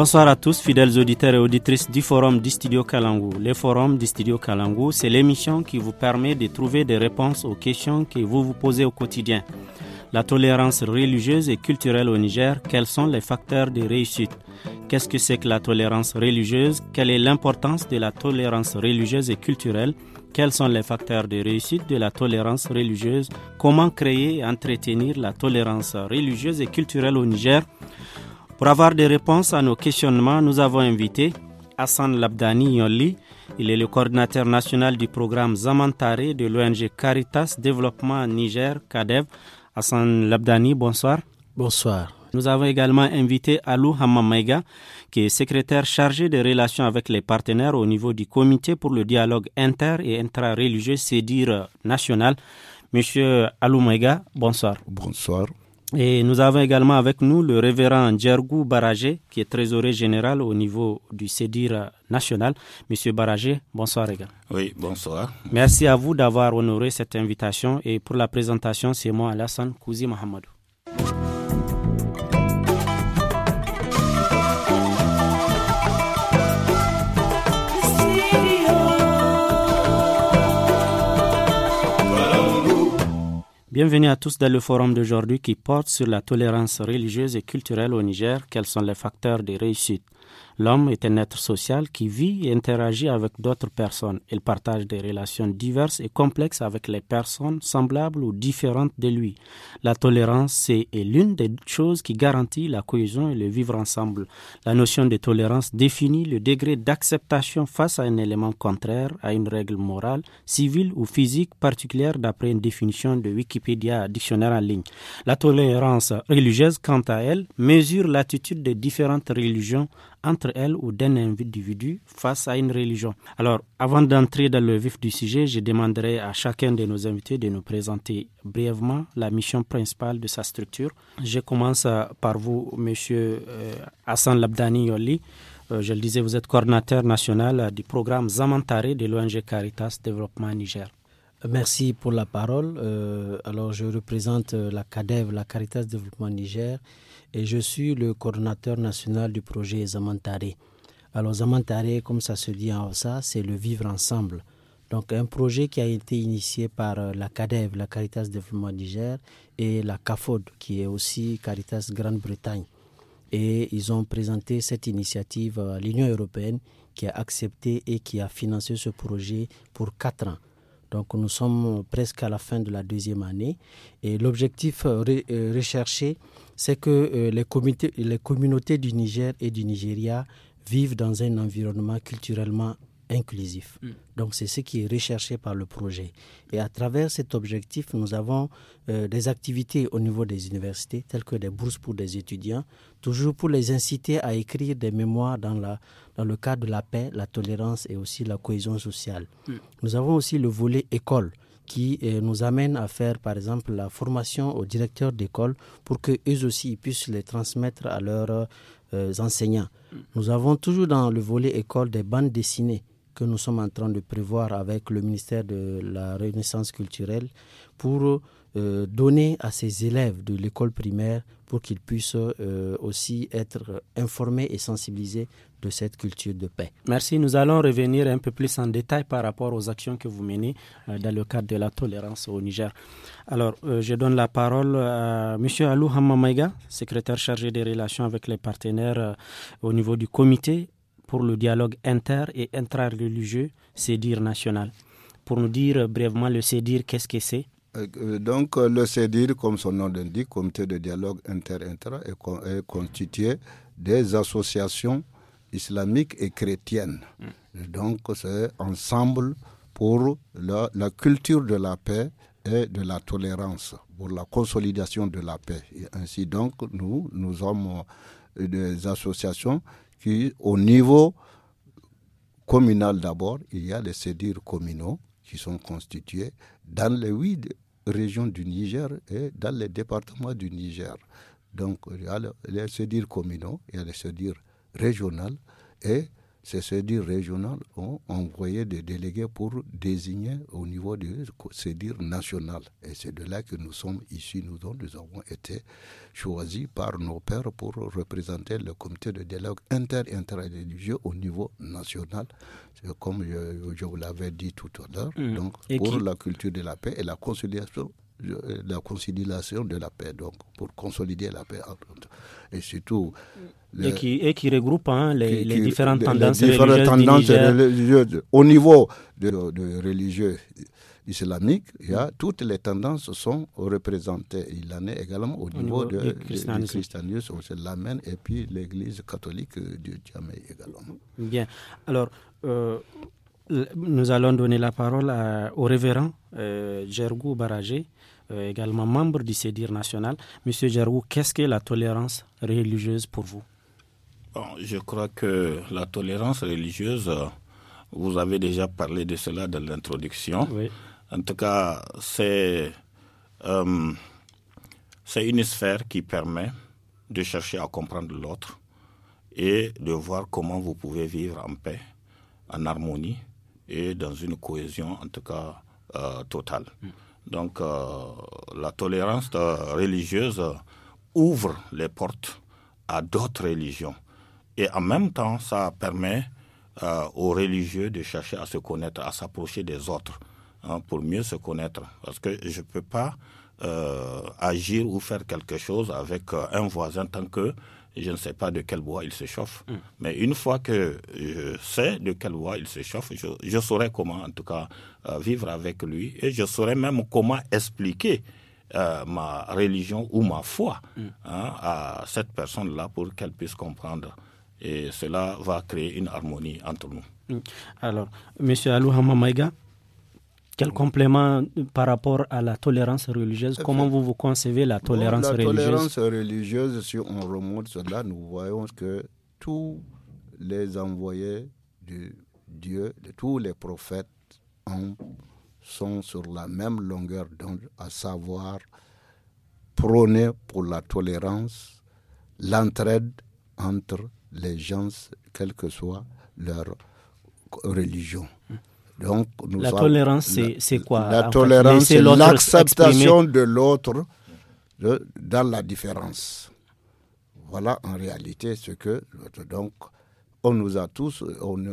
Bonsoir à tous, fidèles auditeurs et auditrices du Forum du Studio Kalangou. Le Forum du Studio Kalangou, c'est l'émission qui vous permet de trouver des réponses aux questions que vous vous posez au quotidien. La tolérance religieuse et culturelle au Niger, quels sont les facteurs de réussite Qu'est-ce que c'est que la tolérance religieuse Quelle est l'importance de la tolérance religieuse et culturelle Quels sont les facteurs de réussite de la tolérance religieuse Comment créer et entretenir la tolérance religieuse et culturelle au Niger pour avoir des réponses à nos questionnements, nous avons invité Hassan Labdani Yonli. Il est le coordinateur national du programme Zamantare de l'ONG Caritas Développement Niger, CADEV. Hassan Labdani, bonsoir. Bonsoir. Nous avons également invité Alou Mega qui est secrétaire chargé des relations avec les partenaires au niveau du comité pour le dialogue inter- et intra-religieux, c'est-à-dire national. Monsieur Alou Mega bonsoir. Bonsoir. Et nous avons également avec nous le révérend Djergou Baragé, qui est trésorier général au niveau du CEDIR national. Monsieur Baragé, bonsoir également. Oui, bonsoir. Merci à vous d'avoir honoré cette invitation. Et pour la présentation, c'est moi Alassane Kouzi Mohamedou. Bienvenue à tous dans le forum d'aujourd'hui qui porte sur la tolérance religieuse et culturelle au Niger, quels sont les facteurs de réussite. L'homme est un être social qui vit et interagit avec d'autres personnes. Il partage des relations diverses et complexes avec les personnes semblables ou différentes de lui. La tolérance est l'une des choses qui garantit la cohésion et le vivre ensemble. La notion de tolérance définit le degré d'acceptation face à un élément contraire à une règle morale, civile ou physique particulière d'après une définition de Wikipédia dictionnaire en ligne. La tolérance religieuse, quant à elle, mesure l'attitude des différentes religions entre elle ou d'un individu face à une religion. Alors, avant d'entrer dans le vif du sujet, je demanderai à chacun de nos invités de nous présenter brièvement la mission principale de sa structure. Je commence euh, par vous, Monsieur euh, Hassan Labdani Yoli. Euh, je le disais, vous êtes coordinateur national du programme Zamantare de l'ONG Caritas Développement Niger. Merci pour la parole. Euh, alors, je représente euh, la CADEV, la Caritas Développement Niger, et je suis le coordonnateur national du projet Zamantare. Alors, Zamantare, comme ça se dit en ça, c'est le vivre ensemble. Donc, un projet qui a été initié par euh, la CADEV, la Caritas Développement Niger, et la CAFOD, qui est aussi Caritas Grande-Bretagne. Et ils ont présenté cette initiative à l'Union européenne, qui a accepté et qui a financé ce projet pour quatre ans. Donc nous sommes presque à la fin de la deuxième année et l'objectif euh, euh, recherché, c'est que euh, les, communautés du Niger et du Nigeria vivent dans un environnement culturellement inclusif. Mm. Donc c'est ce qui est recherché par le projet. Et à travers cet objectif, nous avons euh, des activités au niveau des universités, telles que des bourses pour des étudiants, toujours pour les inciter à écrire des mémoires dans, la, dans le cadre de la paix, la tolérance et aussi la cohésion sociale. Mm. Nous avons aussi le volet école qui euh, nous amène à faire par exemple la formation aux directeurs d'école pour que eux aussi puissent les transmettre à leurs euh, enseignants. Mm. Nous avons toujours dans le volet école des bandes dessinées que nous sommes en train de prévoir avec le ministère de la Renaissance culturelle pour euh, donner à ces élèves de l'école primaire pour qu'ils puissent euh, aussi être informés et sensibilisés de cette culture de paix. Merci. Nous allons revenir un peu plus en détail par rapport aux actions que vous menez euh, dans le cadre de la tolérance au Niger. Alors, je donne la parole à M. Alou Hamamaïga, secrétaire chargé des relations avec les partenaires au niveau du comité pour le dialogue inter- et intra-religieux CEDIR national. Pour nous dire brièvement le CEDIR, qu'est-ce que c'est euh, euh, donc, euh, le CEDIR, comme son nom l'indique, Comité de dialogue inter-intra, est, constitué des associations islamiques et chrétiennes. Mm. Donc, c'est ensemble pour la, culture de la paix et de la tolérance, pour la consolidation de la paix. ainsi donc, nous, nous sommes des associations au niveau communal d'abord, il y a les cédures communaux qui sont constitués dans les huit régions du Niger et dans les départements du Niger. Donc, il y a les cédures communaux, il y a les cédures régionales et ces dire régionales ont envoyé des délégués pour désigner au niveau de ces national. Et c'est de là que nous sommes ici. nous avons été choisis par nos pères pour représenter le comité de dialogue inter-interreligieux au niveau national. comme je, vous l'avais dit tout à l'heure. Mmh. Donc, pour la culture de la paix et la conciliation la conciliation de la paix, donc pour consolider la paix et surtout et, qui, qui regroupe hein, les, les, différentes les, tendances, différentes religieuses, tendances religieuses, Au niveau de, religieux islamique, il y a, toutes les tendances sont représentées. Il en est également au, niveau, de, du christianisme, et puis l'Église catholique du Djamé également. Bien. Alors. Euh, nous allons donner la parole au révérend euh, Jergou euh, également membre du CEDIR national. Monsieur Jarou, qu'est-ce que la tolérance religieuse pour vous bon, Je crois que la tolérance religieuse, euh, vous avez déjà parlé de cela dans l'introduction. En tout cas, euh, c'est une sphère qui permet de chercher à comprendre l'autre et de voir comment vous pouvez vivre en paix, en harmonie et dans une cohésion, en tout cas, totale. Mm. Donc euh, la tolérance euh, religieuse ouvre les portes à d'autres religions. Et en même temps, ça permet euh, aux religieux de chercher à se connaître, à s'approcher des autres, hein, pour mieux se connaître. Parce que je ne peux pas agir ou faire quelque chose avec un voisin tant que je ne sais pas de quel bois il s'échauffe, mm. Mais une fois que je sais de quel bois il s'échauffe, je, saurai comment, en tout cas, euh, vivre avec lui et je saurai même comment expliquer euh, ma religion ou ma foi mm. hein, à cette personne-là pour qu'elle puisse comprendre. Et cela va créer une harmonie entre nous. Mm. Alors, Monsieur Alouhama Maïga, quel complément par rapport à la tolérance religieuse Comment vous vous concevez la tolérance religieuse La tolérance religieuse, si on remonte cela, nous voyons que tous les envoyés de Dieu, de tous les prophètes, ont, sont sur la même longueur d'onde, à savoir prôner pour la tolérance, l'entraide entre les gens, quelle que soit leur religion. Hum la tolérance, c'est quoi La tolérance, c'est l'acceptation de l'autre dans la différence. Voilà en réalité ce que. Donc, on nous a tous,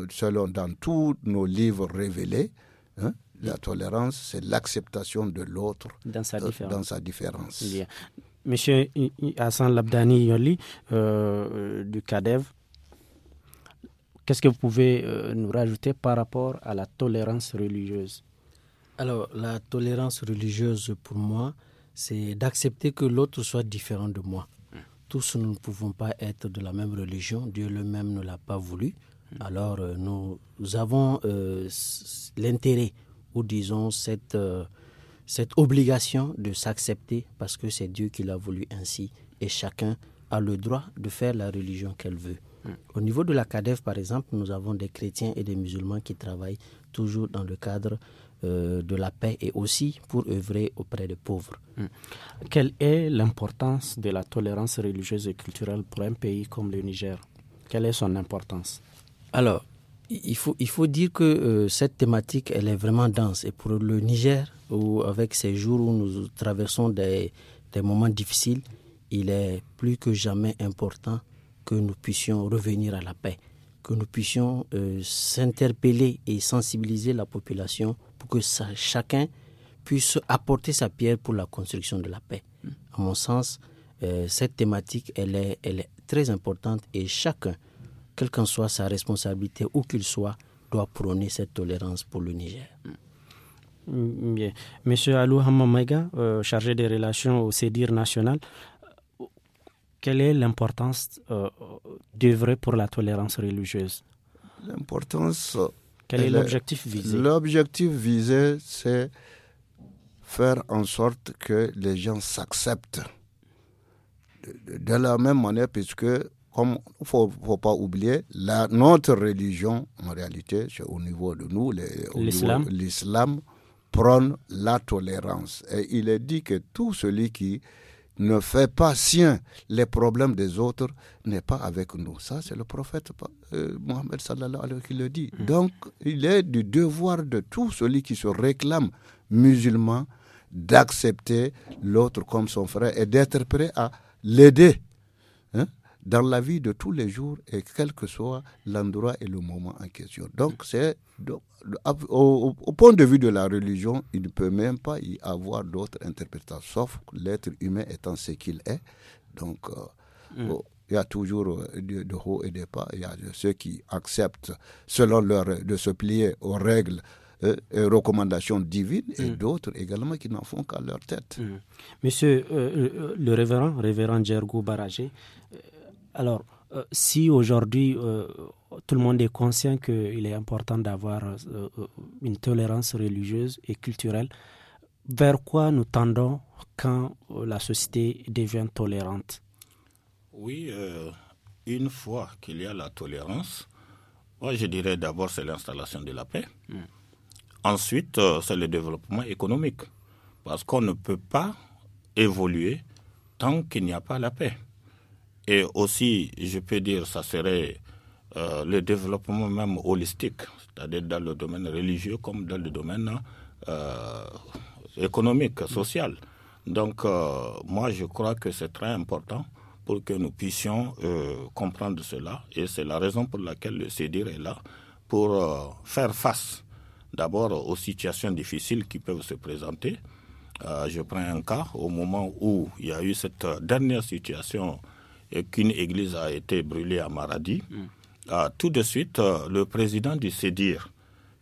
selon dans tous nos livres révélés, hein, la tolérance, c'est l'acceptation de l'autre dans sa différence. Monsieur Hassan Labdani Yoli euh, euh, du CADEV, Qu'est-ce que vous pouvez euh, nous rajouter par rapport à la tolérance religieuse Alors, la tolérance religieuse, pour moi, c'est d'accepter que l'autre soit différent de moi. Tous, nous ne pouvons pas être de la même religion. Dieu lui-même ne l'a pas voulu. Alors, euh, nous, avons euh, l'intérêt, ou disons, cette, cette obligation de s'accepter parce que c'est Dieu qui l'a voulu ainsi. Et chacun a le droit de faire la religion qu'elle veut. Au niveau de la CADEF, par exemple, nous avons des chrétiens et des musulmans qui travaillent toujours dans le cadre euh, de la paix et aussi pour œuvrer auprès des pauvres. Hmm. Quelle est l'importance de la tolérance religieuse et culturelle pour un pays comme le Niger Quelle est son importance Alors, il faut, dire que euh, cette thématique, elle est vraiment dense. Et pour le Niger, où, avec ces jours où nous traversons des moments difficiles, il est plus que jamais important que nous puissions revenir à la paix, que nous puissions euh, s'interpeller et sensibiliser la population pour que chacun puisse apporter sa pierre pour la construction de la paix. À mon sens, euh, cette thématique, elle est, elle est très importante et chacun, quelle qu'en soit sa responsabilité, où qu'il soit, doit prôner cette tolérance pour le Niger. Mm, bien. Monsieur Alou Hamamaïga, euh, chargé des relations au CEDIR national, quelle est l'importance euh, d'œuvrer pour la tolérance religieuse L'importance. Quel est l'objectif visé L'objectif visé, c'est faire en sorte que les gens s'acceptent. De, la même manière, puisque, comme il ne faut, pas oublier, la, notre religion, en réalité, au niveau de nous, l'islam prône la tolérance. Et il est dit que tout celui qui ne fait pas sien les problèmes des autres n'est pas avec nous. Ça, c'est le prophète euh, Mohamed qui le dit. Mm. Donc, il est du devoir de tout celui qui se réclame musulman d'accepter l'autre comme son frère et d'être prêt à l'aider dans la vie de tous les jours et quel que soit l'endroit et le moment en question. Donc, c'est au, point de vue de la religion, il ne peut même pas y avoir d'autres interprétations, sauf l'être humain étant ce qu'il est. Donc, euh, mm. oh, il y a toujours euh, de, hauts haut et de bas. Il y a ceux qui acceptent, selon leur, de se plier aux règles euh, et recommandations divines et mm. d'autres également qui n'en font qu'à leur tête. Mm. Monsieur le révérend, révérend Jergo Baragé, alors, euh, si aujourd'hui euh, tout le monde est conscient qu'il est important d'avoir euh, une tolérance religieuse et culturelle, vers quoi nous tendons quand la société devient tolérante Oui, une fois qu'il y a la tolérance, moi je dirais d'abord c'est l'installation de la paix. Hmm. Ensuite, c'est le développement économique. Parce qu'on ne peut pas évoluer tant qu'il n'y a pas la paix. Et aussi, je peux dire, ça serait euh, le développement même holistique, c'est-à-dire dans le domaine religieux comme dans le domaine euh, économique, social. Donc, euh, moi, je crois que c'est très important pour que nous puissions comprendre cela. Et c'est la raison pour laquelle le CEDIR est là, pour faire face d'abord aux situations difficiles qui peuvent se présenter. je prends un cas au moment où il y a eu cette dernière situation et qu'une église a été brûlée à Maradi, ah, tout de suite, euh, le président du sédir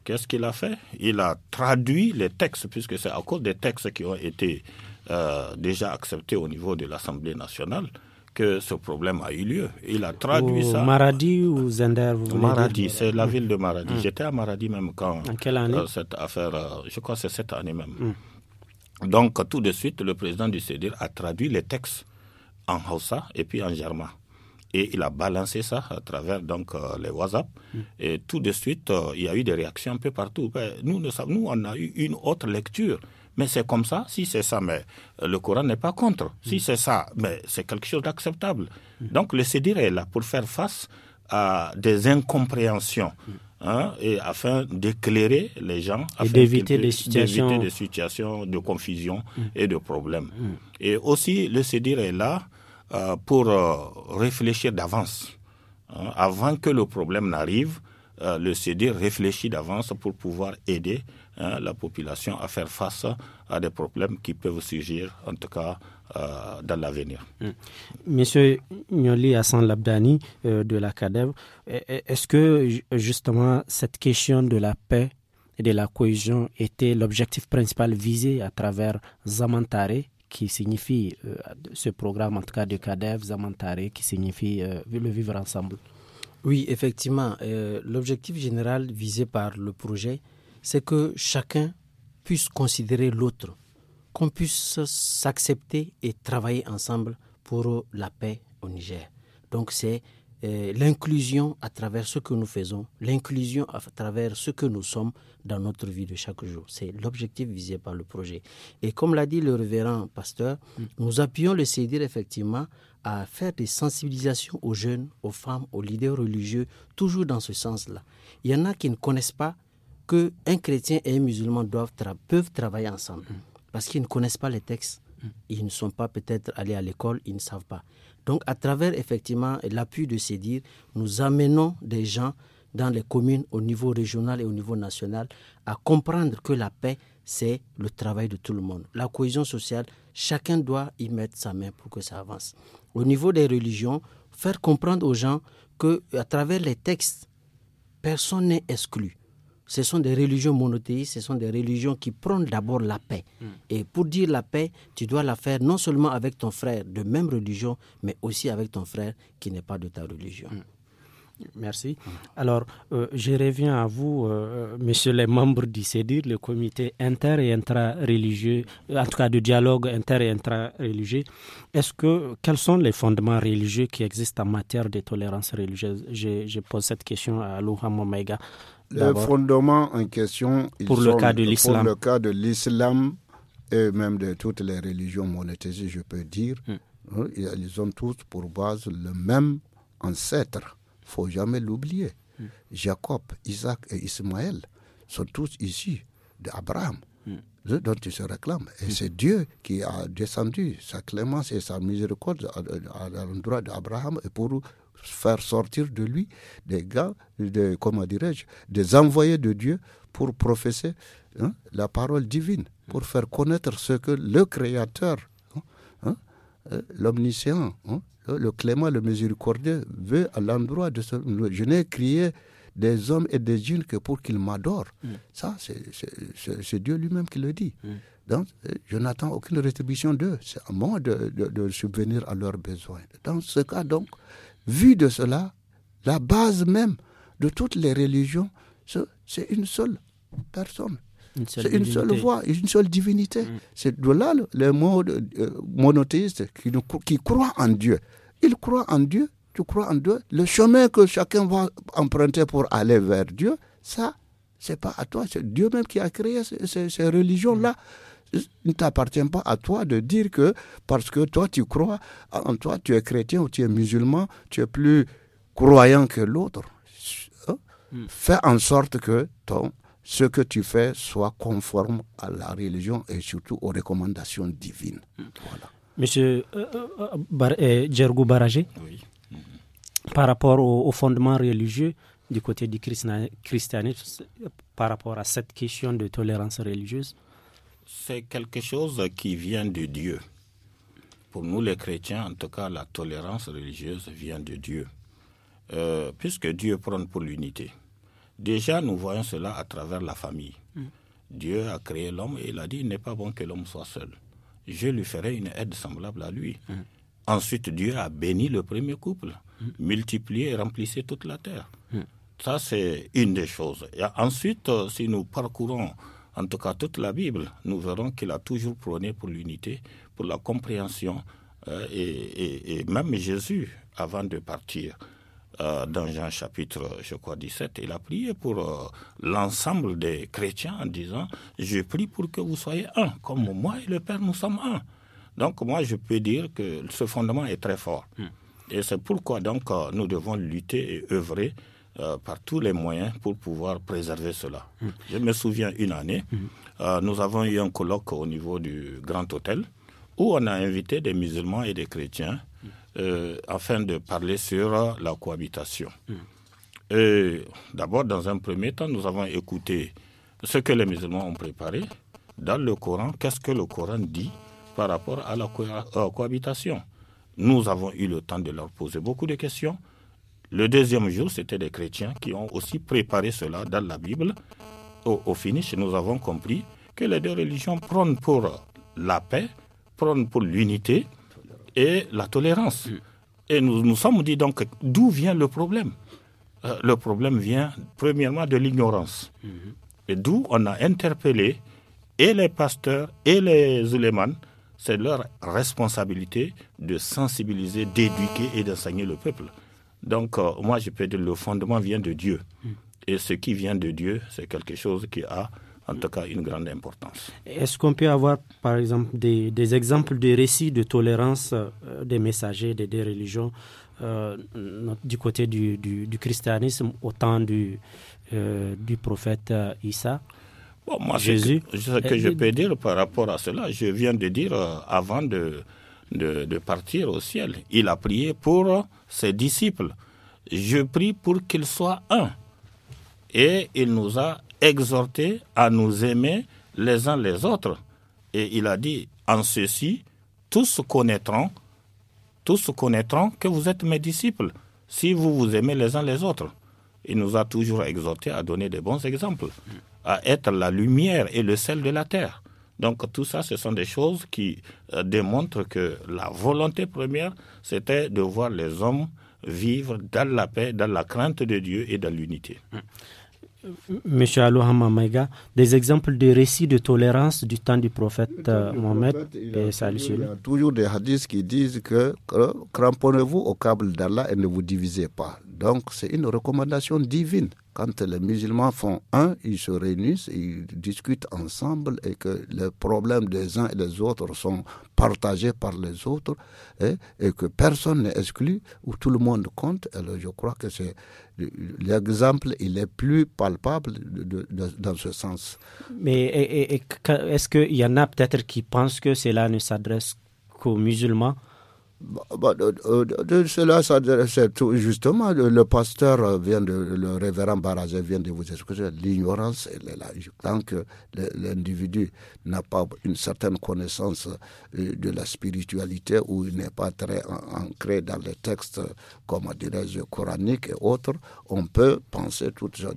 qu'est-ce qu'il a fait Il a traduit les textes, puisque c'est à cause des textes qui ont été euh, déjà acceptés au niveau de l'Assemblée nationale que ce problème a eu lieu. Il a traduit ça. Maradi ou Zender Maradi, c'est la ville de Maradi. Mm. J'étais à Maradi même quand. En quelle année euh, Cette affaire, je crois que c'est cette année même. Mm. Donc tout de suite, le président du CEDIR a traduit les textes en Haussa et puis en Germain. Et il a balancé ça à travers donc euh, les WhatsApp. Mm. Et tout de suite, euh, il y a eu des réactions un peu partout. Ben, nous, nous, on a eu une autre lecture. Mais c'est comme ça, si c'est ça, mais euh, le Coran n'est pas contre. Mm. Si c'est ça, mais c'est quelque chose d'acceptable. Mm. Donc le CDR est là pour faire face à des incompréhensions. Hein, et afin d'éclairer les gens, afin d'éviter des situations... de confusion mm. et de problèmes. Mm. Et aussi, le CEDIR est là euh, pour euh, réfléchir d'avance. Hein, avant que le problème n'arrive, euh, le CEDIR réfléchit d'avance pour pouvoir aider Hein, la population à faire face à des problèmes qui peuvent surgir, en tout cas euh, dans l'avenir. Hmm. Monsieur Nyoli Hassan Labdani euh, de la CADEV, est-ce que justement cette question de la paix et de la cohésion était l'objectif principal visé à travers Zamantare qui signifie euh, ce programme en tout cas de CADEV, Zamantare, qui signifie le vivre ensemble. Oui, effectivement. L'objectif général visé par le projet, c'est que chacun puisse considérer l'autre, qu'on puisse s'accepter et travailler ensemble pour la paix au Niger. Donc c'est euh, l'inclusion à travers ce que nous faisons, l'inclusion à travers ce que nous sommes dans notre vie de chaque jour. C'est l'objectif visé par le projet. Et comme l'a dit le révérend pasteur, mm. nous appuyons le CEDIR effectivement à faire des sensibilisations aux jeunes, aux femmes, aux leaders religieux, toujours dans ce sens-là. Il y en a qui ne connaissent pas qu'un chrétien et un musulman doivent peuvent travailler ensemble mm. parce qu'ils ne connaissent pas les textes. Mm. Ils ne sont pas peut-être allés à l'école, ils ne savent pas. Donc, à travers effectivement l'appui de ces dires, nous amenons des gens dans les communes au niveau régional et au niveau national à comprendre que la paix, c'est le travail de tout le monde. La cohésion sociale, chacun doit y mettre sa main pour que ça avance. Au niveau des religions, faire comprendre aux gens que à travers les textes, personne n'est exclu ce sont des religions monothéistes, ce sont des religions qui prennent d'abord la paix. Hmm. Et pour dire la paix, tu dois la faire non seulement avec ton frère de même religion, mais aussi avec ton frère qui n'est pas de ta religion. Hmm. Merci. Hmm. Alors, euh, je reviens à vous, euh, messieurs les membres du CEDIR, le comité inter- et intra-religieux, euh, en tout cas du dialogue inter- et intra-religieux. Est-ce que, quels sont les fondements religieux qui existent en matière de tolérance religieuse je, pose cette question à Louham Omega le euh, fondement en question, pour, le cas de l'islam. le cas de l'islam et même de toutes les religions monothéistes, je peux dire, hmm. euh, ils ont tous pour base le même ancêtre. faut jamais l'oublier. Hmm. Jacob, Isaac et Ismaël sont tous issus d'Abraham hmm. euh, dont ils se réclament. Et c'est Dieu qui a descendu sa clémence et sa miséricorde à, l'endroit d'Abraham et pour faire sortir de lui des gars, des, comment dirais-je, des envoyés de Dieu pour professer hein, la parole divine, pour faire connaître ce que le Créateur, hein, hein, euh, l'Omniscient, euh, le Clément, le Miséricordieux veut à l'endroit de ce. Je n'ai crié des hommes et des djinns que pour qu'ils m'adorent. Mm. Ça, c'est Dieu lui-même qui le dit. Mm. Donc, euh, je n'attends aucune rétribution d'eux. C'est à moi de subvenir à leurs besoins. Dans ce cas, donc, vu de cela, la base même de toutes les religions, c'est une seule personne. C'est une seule voix, une seule divinité. Mm. C'est de là le mot euh, monothéiste qui, qui croient en Dieu. Il croit en Dieu, tu crois en Dieu. Le chemin que chacun va emprunter pour aller vers Dieu, ça, c'est pas à toi, c'est Dieu même qui a créé ces, religions-là. Mm il ne t'appartient pas à toi de dire que parce que toi tu crois en toi, tu es chrétien ou tu es musulman, tu es plus croyant que l'autre. Hein? Hmm. Fais en sorte que ton, ce que tu fais soit conforme à la religion et surtout aux recommandations divines. Hmm. Monsieur euh, euh, euh, Djergou Baragé, par rapport au, au, fondement religieux du côté du christianisme, par rapport à cette question de tolérance religieuse, c'est quelque chose qui vient de Dieu. Pour nous les chrétiens, en tout cas, la tolérance religieuse vient de Dieu, euh, puisque Dieu prend pour l'unité. Déjà, nous voyons cela à travers la famille. Mm. Dieu a créé l'homme et il a dit, il n'est pas bon que l'homme soit seul. Je lui ferai une aide semblable à lui. Mm. Ensuite, Dieu a béni le premier couple, mm. multiplié et remplissé toute la terre. Ça, c'est une des choses. ensuite, euh, si nous parcourons en tout cas toute la Bible, nous verrons qu'il a toujours prôné pour l'unité, pour la compréhension. Euh, et, même Jésus, avant de partir euh, dans Jean chapitre, je crois, 17, il a prié pour euh, l'ensemble des chrétiens en disant, je prie pour que vous soyez un, comme mm. moi et le Père, nous sommes un. Donc moi, je peux dire que ce fondement est très fort. Mm. Et c'est pourquoi donc nous devons lutter et œuvrer euh, par tous les moyens pour pouvoir préserver cela. Hmm. Je me souviens une année, hmm. euh, nous avons eu un colloque au niveau du Grand Hôtel où on a invité des musulmans et des chrétiens hmm. euh, afin de parler sur la cohabitation. d'abord, dans un premier temps, nous avons écouté ce que les musulmans ont préparé dans le Coran, qu'est-ce que le Coran dit par rapport à la cohabitation. Nous avons eu le temps de leur poser beaucoup de questions le deuxième jour, c'était des chrétiens qui ont aussi préparé cela dans la Bible. Au, finish, nous avons compris que les deux religions prônent pour la paix, prônent pour l'unité et la tolérance. Et nous nous sommes dit donc d'où vient le problème euh, Le problème vient premièrement de l'ignorance. Mhm. Et d'où on a interpellé et les pasteurs et les ulémans. C'est leur responsabilité de sensibiliser, d'éduquer et d'enseigner le peuple. Donc, euh, moi, je peux dire le fondement vient de Dieu. Hmm. Et ce qui vient de Dieu, c'est quelque chose qui a, en tout cas, une grande importance. Est-ce qu'on peut avoir, par exemple, des, exemples de récits de tolérance euh, des messagers des religions euh, du côté du, christianisme au temps du, du prophète Issa Jésus. ce que je peux dire par rapport à cela, je viens de dire avant de de, partir au ciel. Il a prié pour ses disciples. Je prie pour qu'ils soient un. Et il nous a exhortés à nous aimer les uns les autres. Et il a dit, en ceci, tous connaîtront, tous connaîtront que vous êtes mes disciples, si vous vous aimez les uns les autres. Il nous a toujours exhortés à donner de bons exemples, à être la lumière et le sel de la terre. Donc tout ça, ce sont des choses qui euh, démontrent que la volonté première, c'était de voir les hommes vivre dans la paix, dans la crainte de Dieu et dans l'unité. Monsieur Alohama Maïga, des exemples de récits de tolérance du temps du prophète euh, Mohamed et salut Il y a toujours des hadiths qui disent que euh, cramponnez-vous au câble d'Allah et ne vous divisez pas. Donc c'est une recommandation divine quand les musulmans font un, ils se réunissent, ils discutent ensemble et que les problèmes des uns et des autres sont partagés par les autres hein, et, que personne n'est exclu, ou tout le monde compte. je crois que c'est l'exemple, il est plus palpable dans ce sens. Mais est-ce qu'il y en a peut-être qui pensent que cela ne s'adresse qu'aux musulmans bah, bah, de cela, c'est tout, justement, le, pasteur vient de, le révérend Barazé vient de vous expliquer l'ignorance, Tant que l'individu n'a pas une certaine connaissance euh, de la spiritualité ou il n'est pas très ancré dans les textes, comme dirait je coraniques et autres, on peut penser tout ça.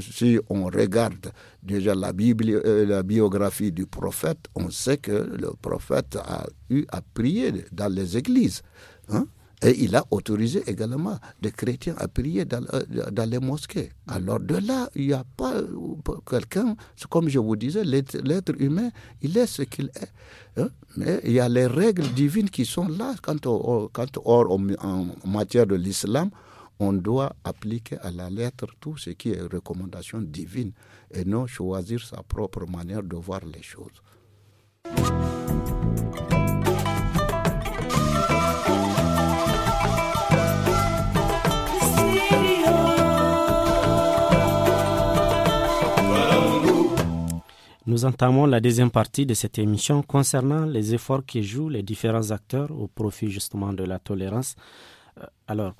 Si on regarde Déjà, la, Bible, euh, la biographie du prophète, on sait que le prophète a eu à prier dans les églises. Hein. Et il a autorisé également des chrétiens à prier dans, euh, les mosquées. Alors de là, il n'y a pas quelqu'un, comme je vous disais, l'être humain, il est ce qu'il est. Hein. Mais il y a les règles divines qui sont là. Quand, en matière de l'islam, on doit appliquer à la lettre tout ce qui est recommandation divine et non choisir sa propre manière de voir les choses. Nous entamons la deuxième partie de cette émission concernant les efforts qui jouent les différents acteurs au profit justement de la tolérance. Euh, alors,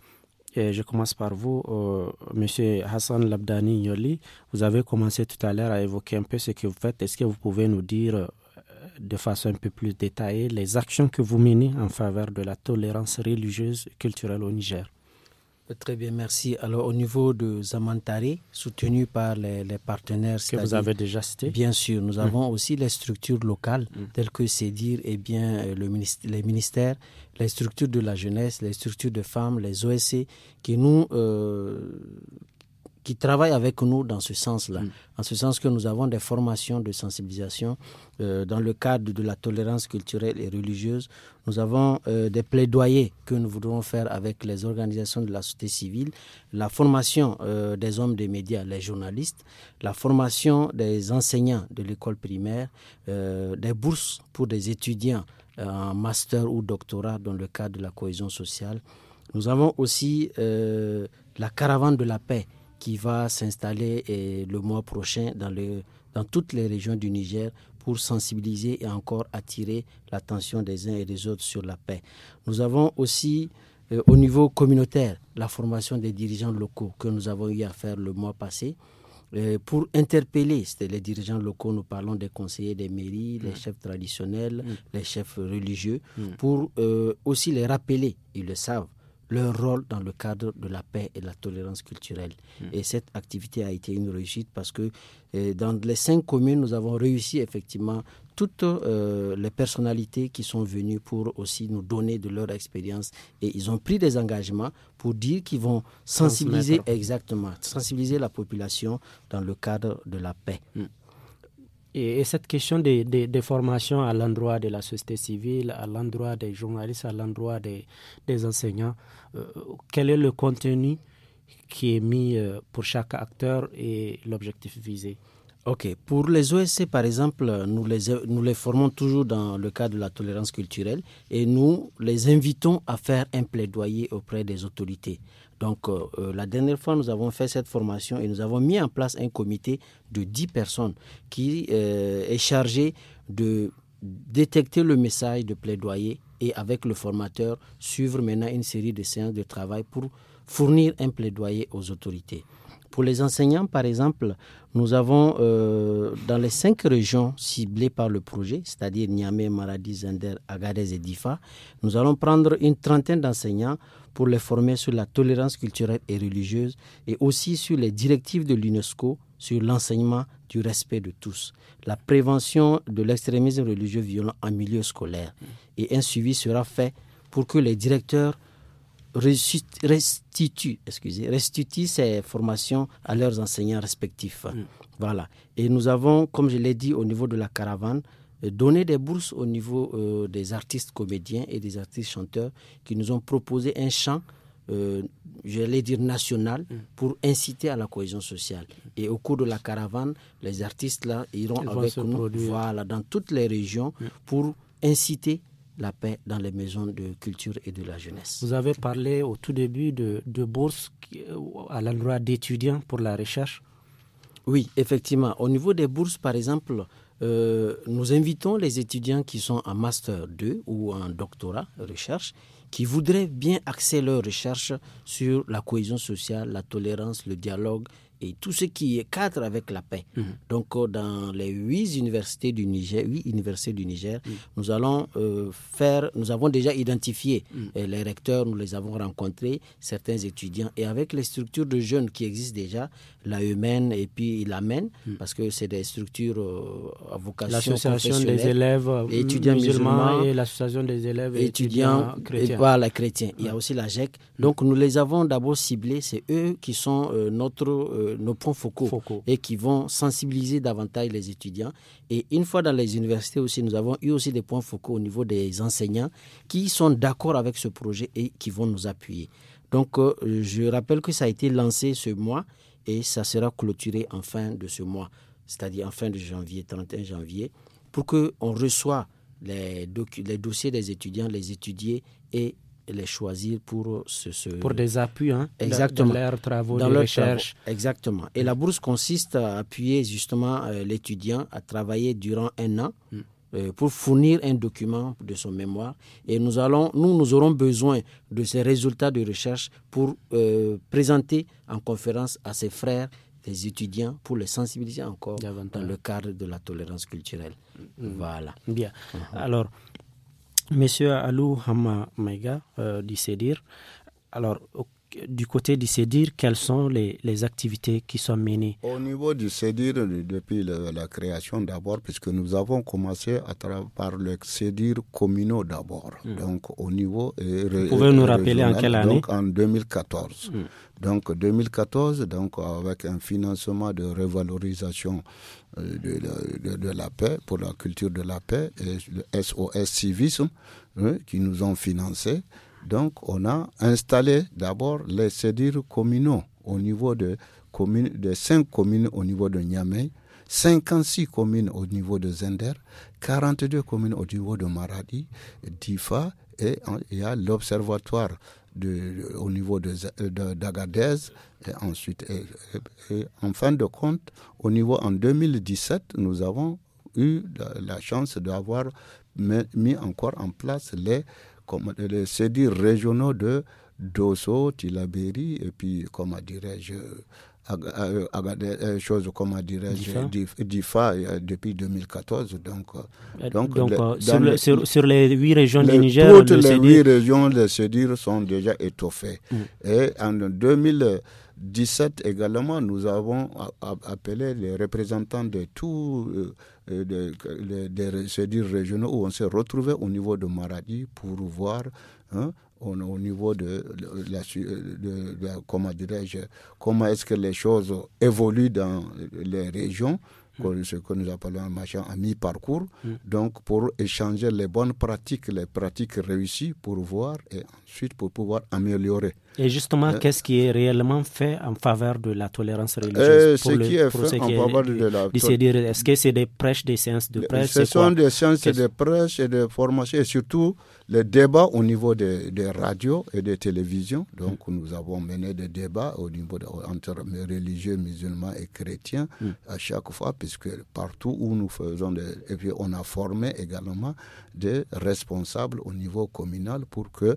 je commence par vous, euh, Monsieur Hassan Labdani Yoli. Vous avez commencé tout à l'heure à évoquer un peu ce que vous faites. Est-ce que vous pouvez nous dire euh, de façon un peu plus détaillée les actions que vous menez en faveur de la tolérance religieuse et culturelle au Niger Très bien, merci. Alors, au niveau de Zamantari, soutenu par les, partenaires. Que vous avez déjà cité. Bien sûr, nous mm. avons aussi les structures locales, mm. telles que dire et eh bien, euh, le les ministères, les structures de la jeunesse, les structures de femmes, les OSC, qui nous euh, qui travaillent avec nous dans ce sens-là, mm. en ce sens que nous avons des formations de sensibilisation euh, dans le cadre de la tolérance culturelle et religieuse. Nous avons euh, des plaidoyers que nous voudrons faire avec les organisations de la société civile, la formation euh, des hommes des médias, les journalistes, la formation des enseignants de l'école primaire, des bourses pour des étudiants en master ou doctorat dans le cadre de la cohésion sociale. Nous avons aussi la caravane de la paix qui va s'installer eh, le mois prochain dans, toutes les régions du Niger pour sensibiliser et encore attirer l'attention des uns et des autres sur la paix. Nous avons aussi eh, au niveau communautaire la formation des dirigeants locaux que nous avons eu à faire le mois passé. Eh, pour interpeller les dirigeants locaux, nous parlons des conseillers des mairies, les mm. chefs traditionnels, mm. les chefs religieux, mm. pour euh, aussi les rappeler, ils le savent, leur rôle dans le cadre de la paix et de la tolérance culturelle. Hmm. Et cette activité a été une réussite parce que euh, dans les cinq communes, nous avons réussi effectivement toutes euh, les personnalités qui sont venues pour aussi nous donner de leur expérience. Et ils ont pris des engagements pour dire qu'ils vont sensibiliser exactement, sensibiliser la population dans le cadre de la paix. Hmm. Et, cette question des, formations à l'endroit de la société civile, à l'endroit des journalistes, à l'endroit des, enseignants, euh, quel est le contenu qui est mis euh, pour chaque acteur et l'objectif visé Ok, pour les OSC par exemple, nous les, nous les formons toujours dans le cadre de la tolérance culturelle et nous les invitons à faire un plaidoyer auprès des autorités. Donc euh, euh, la dernière fois, nous avons fait cette formation et nous avons mis en place un comité de 10 personnes qui euh, est chargé de détecter le message de plaidoyer et avec le formateur suivre maintenant une série de séances de travail pour fournir un plaidoyer aux autorités. Pour les enseignants, par exemple, nous avons dans les cinq régions ciblées par le projet, c'est-à-dire Niamey, Maradi, Zender, Agadez et Difa, nous allons prendre une trentaine d'enseignants pour les former sur la tolérance culturelle et religieuse et aussi sur les directives de l'UNESCO sur l'enseignement du respect de tous, la prévention de l'extrémisme religieux violent en milieu scolaire. Et un suivi sera fait pour que les directeurs restituent, excusez, restituent ces formations à leurs enseignants respectifs. Mm. Voilà. Et nous avons, comme je l'ai dit au niveau de la caravane, euh, donner des bourses au niveau euh, des artistes comédiens et des artistes chanteurs qui nous ont proposé un chant, euh, j'allais dire national, mm. pour inciter à la cohésion sociale. Et au cours de la caravane, les artistes là iront avec nous dans toutes les régions mm. pour inciter la paix dans les maisons de culture et de la jeunesse. Vous avez parlé au tout début de, de bourses à l'endroit d'étudiants pour la recherche. Oui, effectivement. Au niveau des bourses, par exemple, euh, nous invitons les étudiants qui sont en master 2 ou en doctorat recherche qui voudraient bien axer leur recherche sur la cohésion sociale, la tolérance, le dialogue, et tout ce qui est cadre avec la paix. Mhm. Donc, euh, dans les huit universités du Niger, huit universités du Niger, mhm. nous allons euh, faire, nous avons déjà identifié mhm. euh, les recteurs, nous les avons rencontrés, certains étudiants, et avec les structures de jeunes qui existent déjà, la humaine et puis l'AMEN, parce que c'est des structures à vocation L'association des élèves et étudiants musulmans, et l'association des élèves et étudiants, chrétiens. chrétiens. Il y a aussi la GEC. Donc, nous les avons d'abord ciblés, c'est eux qui sont notre euh, nos points focaux, et qui vont sensibiliser davantage les étudiants. Et une fois dans les universités aussi, nous avons eu aussi des points focaux au niveau des enseignants qui sont d'accord avec ce projet et qui vont nous appuyer. Donc, euh, je rappelle que ça a été lancé ce mois et ça sera clôturé en fin de ce mois, c'est-à-dire en fin de janvier, 31 janvier, pour qu'on reçoive les, les dossiers des étudiants, les étudier et les choisir pour ce, Pour des appuis, hein, exactement. dans leurs travaux dans de recherche. exactement. Et la bourse consiste à appuyer justement euh, l'étudiant à travailler durant un an hmm. euh, pour fournir un document de son mémoire. Et nous, allons, nous, nous aurons besoin de ces résultats de recherche pour euh, présenter en conférence à ses frères des étudiants pour les sensibiliser encore dans le cadre de la tolérance culturelle. Hmm. Voilà. Bien. Mhm. Alors, Monsieur Alou Hama mega euh, du alors, du côté du CEDIR, quelles sont les, activités qui sont menées Au niveau du CEDIR, depuis la, création d'abord, puisque nous avons commencé à par le CEDIR communaux d'abord, hmm. donc au niveau. Euh, Vous pouvez nous euh, rappeler en quelle année Donc en 2014. Hmm. Donc 2014, donc avec un financement de revalorisation euh, de, la paix, pour la culture de la paix, et le SOS Civisme, hein, qui nous ont financé. Donc, on a installé d'abord les cédures communaux au niveau de, communes, de 5 communes au niveau de Niamey, 56 communes au niveau de Zender, 42 communes au niveau de Maradi, d'Ifa, et il y a l'observatoire au niveau euh, d'Agadez. De, et ensuite, en fin de compte, au niveau en 2017, nous avons eu la, la chance d'avoir mis encore en place les les dire régionaux de Dosso, Tilabéry, et puis, comment dirais-je, à, des choses, comme à je d'IFA depuis 2014. Euh, euh, donc, donc, euh, sur, sur, les huit régions du Niger, toutes les huit régions, de CEDIR sont déjà étoffées. Mm. Et en 2017 également, nous avons appelé les représentants de tous les des régionaux où on s'est retrouvé au niveau de Maradi pour voir. Hein, au, niveau de, comment dirais-je, comment est-ce que les choses évoluent dans les régions hmm. ce que nous appelons un machin à mi-parcours, hmm. donc pour échanger les bonnes pratiques, les pratiques réussies pour voir et ensuite pour pouvoir améliorer. Et justement, euh, qu'est-ce qui est réellement fait en faveur de la tolérance religieuse est en de la Est-ce que c'est des prêches, des séances de prêche Ce sont des séances de prêche et de formation et surtout le débat au niveau des, radios et des télévisions, donc mm. nous avons mené des débats au niveau entre religieux, musulmans et chrétiens mm. à chaque fois, puisque partout où nous faisons des... Et puis on a formé également des responsables au niveau communal pour que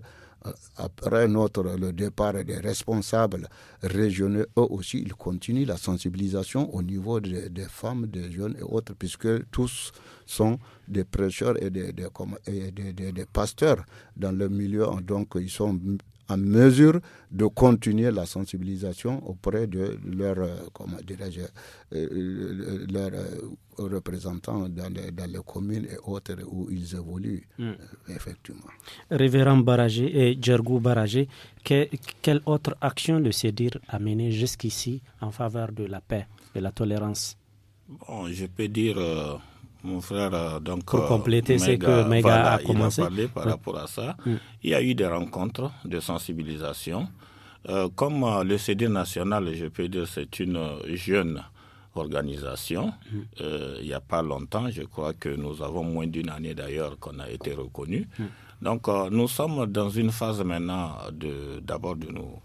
après notre le départ des responsables régionaux, eux aussi, ils continuent la sensibilisation au niveau des, femmes, des jeunes et autres, puisque tous sont des prêcheurs et des, des pasteurs dans le milieu. Donc, ils sont en mesure de continuer la sensibilisation auprès de leurs euh, comment euh, euh, leur, représentants dans les, dans les, communes et autres où ils évoluent, hmm. effectivement. Révérend Baragé et Djergou Baragé, quelle autre action de ces dires a menée jusqu'ici en faveur de la paix et la tolérance bon, Je peux dire mon frère, euh, donc. Pour euh, compléter, ce que Mega a commencé. Il a parlé par rapport à ça. Il y a eu des rencontres de sensibilisation. Euh, comme le CD national, je peux dire, c'est une jeune organisation. il n'y a pas longtemps, je crois que nous avons moins d'une année d'ailleurs qu'on a été reconnu. Donc, nous sommes dans une phase maintenant de, d'abord de nous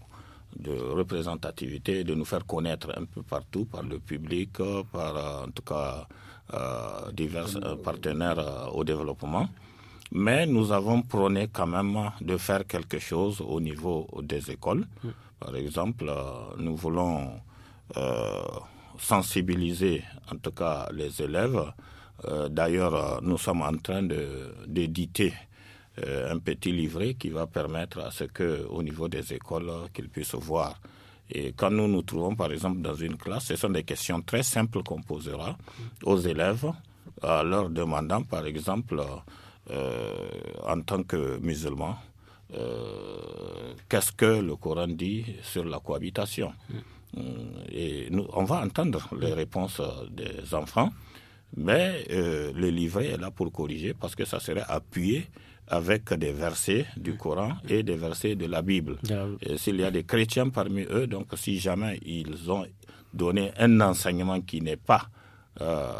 de représentativité, de nous faire connaître un peu partout par le public, par en tout cas euh, divers euh, partenaires euh, au développement. Mais nous avons prôné quand même de faire quelque chose au niveau des écoles. Par exemple, nous voulons sensibiliser en tout cas les élèves. D'ailleurs, nous sommes en train d'éditer un petit livret qui va permettre à ce que, au niveau des écoles, qu'ils puissent voir et quand nous nous trouvons, par exemple, dans une classe, ce sont des questions très simples qu'on posera aux élèves, en leur demandant, par exemple, euh, euh, en tant que musulmans, euh, qu'est-ce que le Coran dit sur la cohabitation. Mm. Mm. Et nous, on va entendre les réponses des enfants. Mais euh, le livret est là pour corriger parce que ça serait appuyé avec des versets du Coran et des versets de la Bible. Ah s'il y a des chrétiens parmi eux, donc si jamais ils ont donné un enseignement qui n'est pas euh,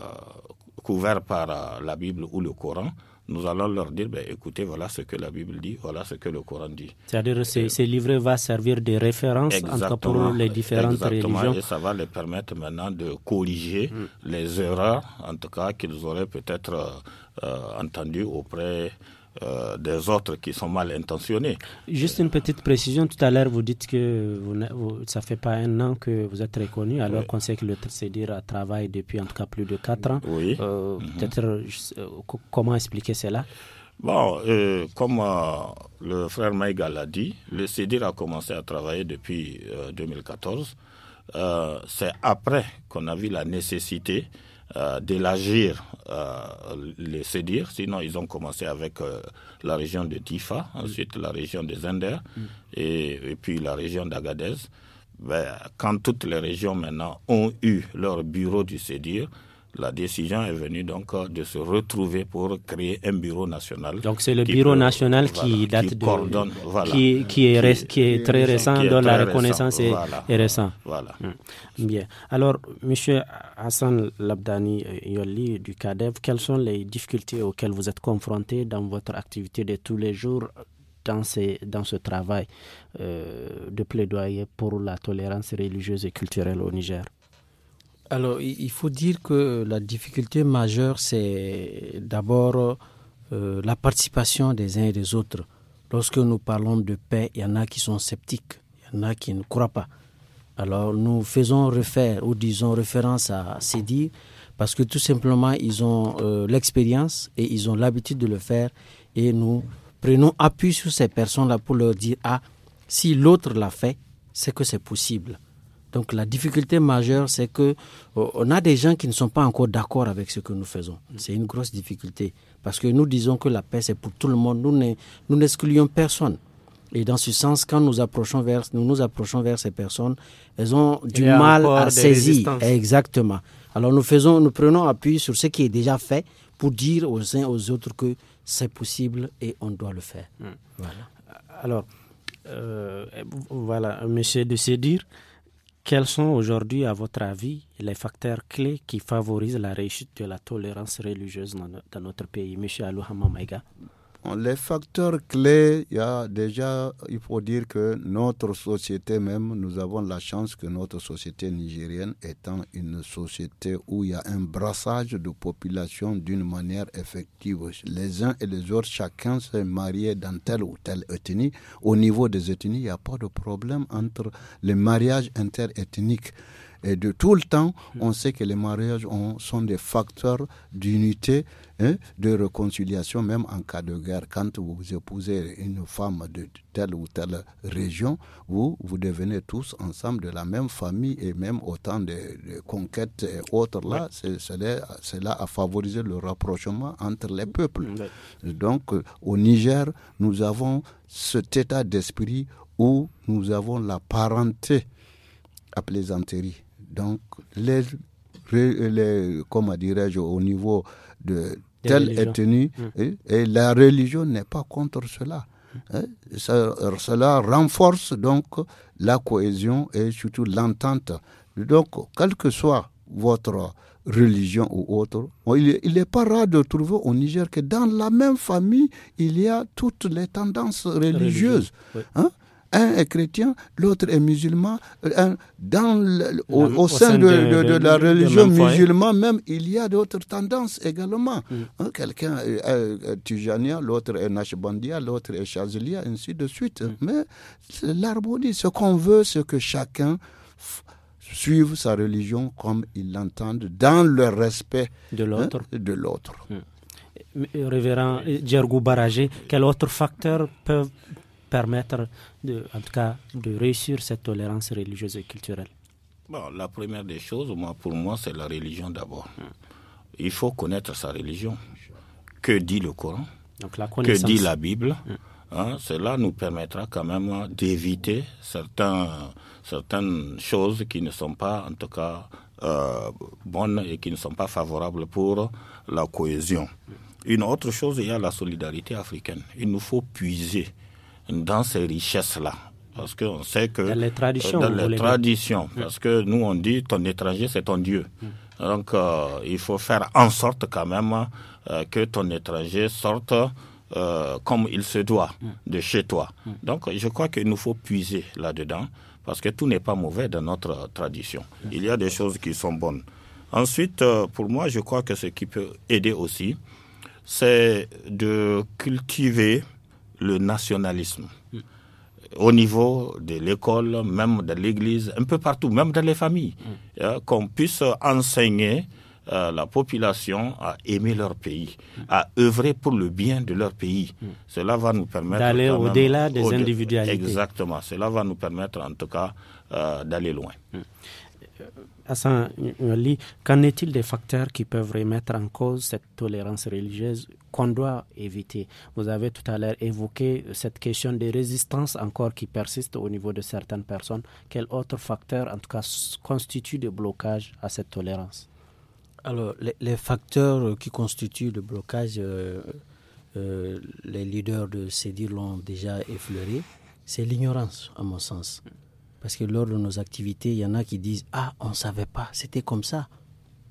couvert par euh, la Bible ou le Coran, nous allons leur dire, ben, écoutez, voilà ce que la Bible dit, voilà ce que le Coran dit. C'est-à-dire ces, ces livres vont servir de référence entre pour les différentes exactement, religions. Et ça va les permettre maintenant de corriger hmm. les erreurs, en tout cas, qu'ils auraient peut-être entendu euh, entendues auprès euh, des autres qui sont mal intentionnés. Juste une petite précision, tout à l'heure vous dites que vous, ne ça fait pas un an que vous êtes reconnu, alors qu'on sait que le a euh, travaillé depuis en tout cas plus de 4 ans. Oui. Euh, mhm. Peut-être comment expliquer cela Bon, comme le frère Maïga l'a dit, le CEDIR a commencé à travailler depuis 2014. C'est après qu'on a vu la nécessité euh, d'élargir euh, les CEDIR, sinon ils ont commencé avec euh, la région de Tifa, ensuite la région de Inders mm. et, puis la région d'Agadez. Ben, quand toutes les régions maintenant ont eu leur bureau du CEDIR, la décision est venue donc euh, de se retrouver pour créer un bureau national. Donc c'est le bureau national qui date qui, est très récent, dont la reconnaissance est, récente. Voilà. Hum. Bien. Alors, Monsieur Hassan Labdani euh, Yoli du CADEV, quelles sont les difficultés auxquelles vous êtes confronté dans votre activité de tous les jours dans, dans ce travail euh, de plaidoyer pour la tolérance religieuse et culturelle au Niger? Alors, il faut dire que la difficulté majeure, c'est d'abord euh, la participation des uns et des autres. Lorsque nous parlons de paix, il y en a qui sont sceptiques, il y en a qui ne croient pas. Alors, nous faisons refaire ou disons référence à ces dires parce que tout simplement, ils ont euh, l'expérience et ils ont l'habitude de le faire. Et nous prenons appui sur ces personnes-là pour leur dire, ah, si l'autre l'a fait, c'est que c'est possible. Donc la difficulté majeure, c'est que euh, on a des gens qui ne sont pas encore d'accord avec ce que nous faisons. Mm. C'est une grosse difficulté parce que nous disons que la paix c'est pour tout le monde. Nous n'excluons personne. Et dans ce sens, quand nous approchons vers, nous nous approchons vers ces personnes, elles ont du mal à saisir. Exactement. Alors nous faisons, nous prenons appui sur ce qui est déjà fait pour dire aux uns aux autres que c'est possible et on doit le faire. Mm. Voilà. Alors, euh, voilà, Monsieur de Sédir, quels sont aujourd'hui, à votre avis, les facteurs clés qui favorisent la réussite de la tolérance religieuse dans, notre pays Monsieur Maïga les facteurs clés, il y a déjà, il faut dire que notre société même, nous avons la chance que notre société nigérienne étant une société où il y a un brassage de population d'une manière effective. Les uns et les autres, chacun se marié dans telle ou telle ethnie. Au niveau des ethnies, il n'y a pas de problème entre les mariages interethniques et de tout le temps, mm. on sait que les mariages sont des facteurs d'unité, hein, de réconciliation, même en cas de guerre. Quand vous épousez une femme de telle ou telle région, vous, vous devenez tous ensemble de la même famille et même autant de, conquêtes et autres. Là, c'est là à le rapprochement entre les peuples. Donc, au Niger, nous avons cet état d'esprit où nous avons la parenté à plaisanterie donc, les, les comment dirais-je, au niveau de telle ethnie, mmh. et, la religion n'est pas contre cela. Hein. cela renforce donc la cohésion et surtout l'entente. Donc, quelle que soit votre religion ou autre. Il n'est pas rare de trouver au Niger que dans la même famille, il y a toutes les tendances religieuses. Un est chrétien, l'autre est musulman. Euh, dans au, sein, de, la religion hein. musulmane même, il y a d'autres tendances également. Mm. Hein, quelqu'un est, l'autre est Nashbandia, l'autre est Chazelia, ainsi de suite. Mm. Mais Mais l'harmonie, ce qu'on veut, c'est que chacun suive sa religion comme il l'entend, dans le respect de hein, l'autre. l'autre. Mm. Révérend Djergou Baragé, quel autre facteur peut permettre, de, en tout cas, de réussir cette tolérance religieuse et culturelle bon, La première des choses, moi, pour moi, c'est la religion d'abord. Hmm. Il faut connaître sa religion. Que dit le Coran Donc, la Que dit la Bible hmm. hein, Cela nous permettra quand même d'éviter certains, certaines choses qui ne sont pas, en tout cas, euh, bonnes et qui ne sont pas favorables pour la cohésion. Hmm. Une autre chose, il y a la solidarité africaine. Il nous faut puiser dans ces richesses-là. Parce qu'on sait que. Dans les traditions. Dans les traditions. Mm. Parce que nous, on dit ton étranger, c'est ton Dieu. Mm. Donc, euh, il faut faire en sorte, quand même, euh, que ton étranger sorte euh, comme il se doit mm. de chez toi. Donc, je crois qu'il nous faut puiser là-dedans. Parce que tout n'est pas mauvais dans notre tradition. Il y a des choses qui sont bonnes. Ensuite, pour moi, je crois que ce qui peut aider aussi, c'est de cultiver le nationalisme. Au niveau de l'école, même de l'église, un peu partout, même dans les familles, mm. hein, qu'on puisse enseigner euh, la population à aimer leur pays, mm. à œuvrer pour le bien de leur pays. Mm. Cela va nous permettre d'aller au-delà des individualités. Exactement. Cela va nous permettre, en tout cas, euh, d'aller loin Hassan euh, qu'en est-il des facteurs qui peuvent remettre en cause cette tolérance religieuse qu'on doit éviter Vous avez tout à l'heure évoqué euh, cette question de résistance encore qui persiste au niveau de certaines personnes. Quels autres facteurs, en tout cas, constituent des blocages à cette tolérance Alors, les, facteurs euh, qui constituent le blocage, les leaders de CEDI l'ont déjà effleuré, c'est l'ignorance, à mon sens. Parce que lors de nos activités, il y en a qui disent Ah, on ne savait pas, c'était comme ça.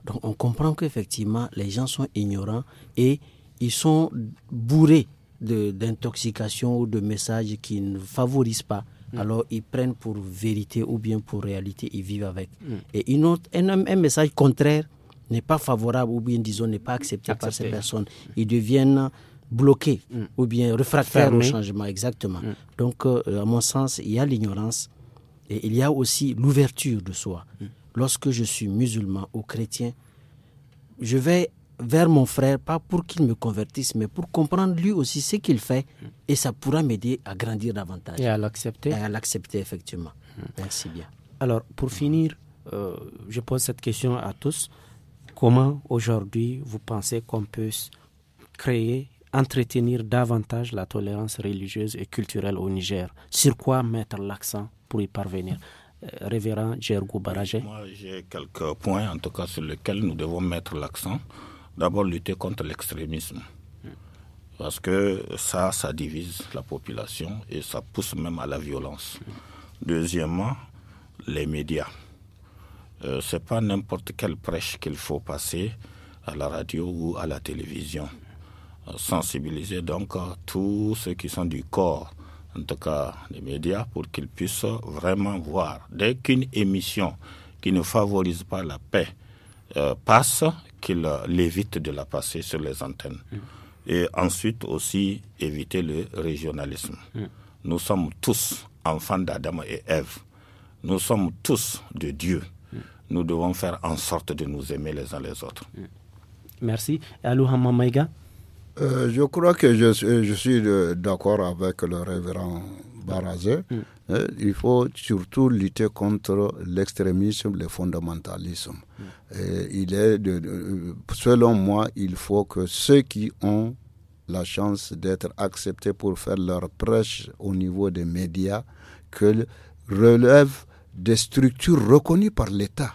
Donc on comprend qu'effectivement, les gens sont ignorants et ils sont bourrés d'intoxication ou de messages qui ne favorisent pas. Mm. Alors ils prennent pour vérité ou bien pour réalité, ils vivent avec. Mm. Et une autre, un, message contraire n'est pas favorable ou bien disons n'est pas accepté, par ces personnes. Ils deviennent bloqués mm. ou bien réfractaires au changement, exactement. Donc euh, à mon sens, il y a l'ignorance, et il y a aussi l'ouverture de soi. Mm. Lorsque je suis musulman ou chrétien, je vais vers mon frère, pas pour qu'il me convertisse, mais pour comprendre lui aussi ce qu'il fait. Mm. Et ça pourra m'aider à grandir davantage. Et à l'accepter. Et à l'accepter, effectivement. Mm. Merci bien. Alors, pour finir, euh, je pose cette question à tous. Comment aujourd'hui vous pensez qu'on peut créer entretenir davantage la tolérance religieuse et culturelle au Niger. Sur quoi mettre l'accent pour y parvenir euh, Révérend Gergo Moi, j'ai quelques points, en tout cas, sur lesquels nous devons mettre l'accent. D'abord, lutter contre l'extrémisme. Parce que ça, ça divise la population et ça pousse même à la violence. Deuxièmement, les médias. Euh, c'est pas n'importe quelle prêche qu'il faut passer à la radio ou à la télévision sensibiliser donc tous ceux qui sont du corps, en tout cas les médias, pour qu'ils puissent vraiment voir. Dès qu'une émission qui ne favorise pas la paix euh, passe, qu'ils l'évitent de la passer sur les antennes. Mm. Et ensuite aussi éviter le régionalisme. Mm. Nous sommes tous enfants d'Adam et Ève. Nous sommes tous de Dieu. Mm. Nous devons faire en sorte de nous aimer les uns les autres. Merci. Alou Maïga euh, je crois que je, suis euh, d'accord avec le révérend Barazé. Mm. Euh, il faut surtout lutter contre l'extrémisme, le fondamentalisme. Mm. il est selon moi, il faut que ceux qui ont la chance d'être acceptés pour faire leur prêche au niveau des médias, que relèvent des structures reconnues par l'État.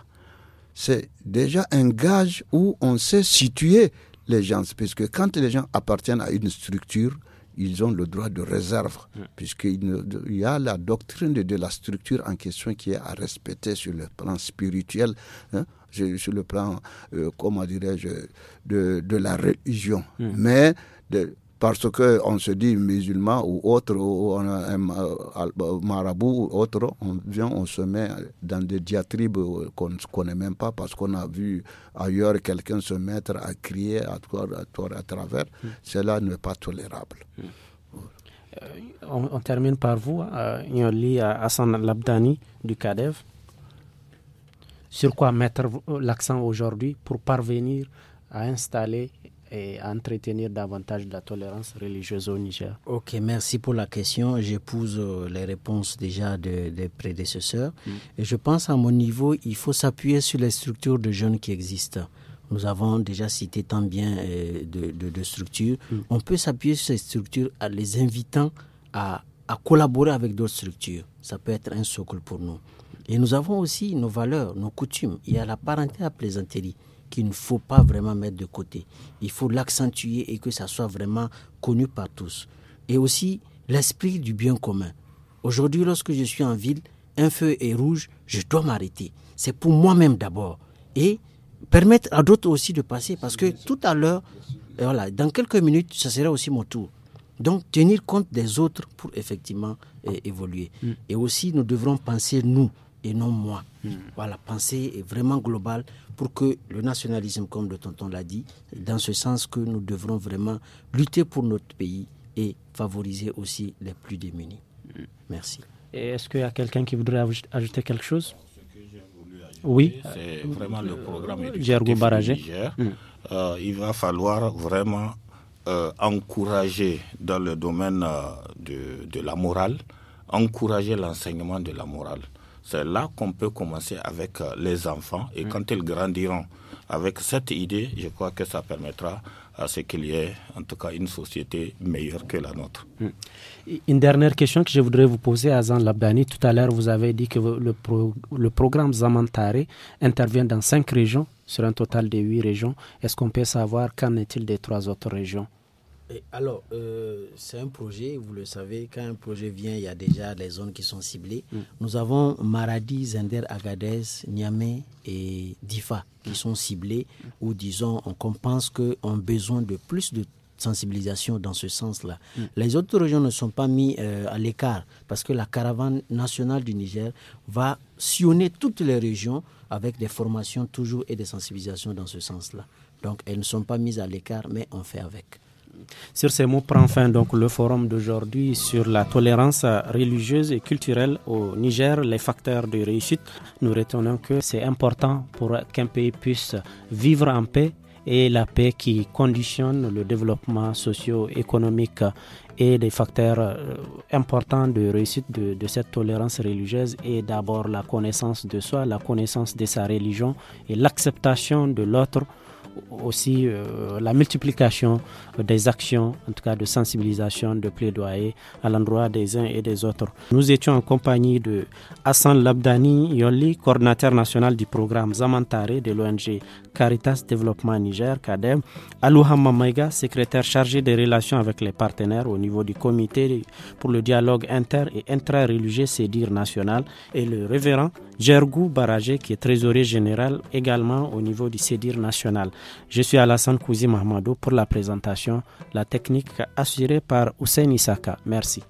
C'est déjà un gage où on s'est situé les gens, puisque quand les gens appartiennent à une structure, ils ont le droit de réserve, puisqu'il y a la doctrine de, la structure en question qui est à respecter sur le plan spirituel, hein, sur le plan, euh, comment dirais-je, de, la religion. Mais de, parce on se dit musulman ou autre, ou marabout ou autre, on vient, on se met dans des diatribes qu'on ne connaît même pas parce qu'on a vu ailleurs quelqu'un se mettre à crier à travers. Mm. Cela n'est pas tolérable. Mm. Euh, on, termine par vous, hein. euh, Hassan Labdani du Kadev Sur quoi mettre euh, l'accent aujourd'hui pour parvenir à installer et à entretenir davantage la tolérance religieuse au Niger. Ok, merci pour la question. J'épouse euh, les réponses déjà des prédécesseurs. Mm. Et je pense à mon niveau, il faut s'appuyer sur les structures de jeunes qui existent. Nous avons déjà cité tant bien euh, de, structures. Mm. On peut s'appuyer sur ces structures en les invitant à, à collaborer avec d'autres structures. Ça peut être un socle pour nous. Et nous avons aussi nos valeurs, nos coutumes. Il y a la parenté à plaisanterie qu'il ne faut pas vraiment mettre de côté. Il faut l'accentuer et que ça soit vraiment connu par tous. Et aussi l'esprit du bien commun. Aujourd'hui, lorsque je suis en ville, un feu est rouge, je dois m'arrêter. C'est pour moi-même d'abord. Et permettre à d'autres aussi de passer parce que tout à l'heure, euh, dans quelques minutes, ça sera aussi mon tour. Donc, tenir compte des autres pour effectivement euh, évoluer. Mm. Et aussi, nous devrons penser, nous, et non moi. Hmm. Voilà, pensée est vraiment globale pour que le nationalisme, comme le tonton l'a dit, dans ce sens que nous devrons vraiment lutter pour notre pays et favoriser aussi les plus démunis. Hmm. Merci. Est-ce qu'il y a quelqu'un qui voudrait ajouter quelque chose oui. C'est vraiment le programme euh, éducatif hmm. euh, il va falloir vraiment euh, encourager dans le domaine de, la morale, encourager l'enseignement de la morale. C'est là qu'on peut commencer avec euh, les enfants et mm. quand ils grandiront avec cette idée, je crois que ça permettra à ce qu'il y ait en tout cas une société meilleure que la nôtre. Mm. Une dernière question que je voudrais vous poser, Azan Labdani. Tout à l'heure, vous avez dit que le, le programme Zamantare intervient dans cinq régions, sur un total de huit régions. Est-ce qu'on peut savoir qu'en est-il des trois autres régions alors, euh, c'est un projet, vous le savez, quand un projet vient, il y a déjà des zones qui sont ciblées. Mm. Nous avons Maradi, Zender, Agadez, Niamey et Difa qui mm. sont ciblées, où disons, on pense qu'on a besoin de plus de sensibilisation dans ce sens-là. Mm. Les autres régions ne sont pas mises euh, à l'écart parce que la caravane nationale du Niger va sillonner toutes les régions avec des formations toujours et des sensibilisations dans ce sens-là. Donc elles ne sont pas mises à l'écart, mais on fait avec. Sur ces mots prend fin donc le forum d'aujourd'hui sur la tolérance religieuse et culturelle au Niger, les facteurs de réussite. Nous retenons que c'est important pour qu'un pays puisse vivre en paix et la paix qui conditionne le développement socio-économique et des facteurs euh, importants de réussite de, cette tolérance religieuse est d'abord la connaissance de soi, la connaissance de sa religion et l'acceptation de l'autre aussi euh, la multiplication des actions, en tout cas de sensibilisation, de plaidoyer à l'endroit des uns et des autres. Nous étions en compagnie de Hassan Labdani Yoli, coordinateur national du programme Zamantare de l'ONG Caritas Développement Niger, CADEM, Alouha Mamaïga, secrétaire chargé des relations avec les partenaires au niveau du comité pour le dialogue inter et intra-religieux CEDIR national, et le révérend Gergou Baragé, qui est trésorier général également au niveau du CEDIR national. Je suis Alassane Kouzi Mahmadou pour la présentation, la technique assurée par Hussein Isaka. Merci.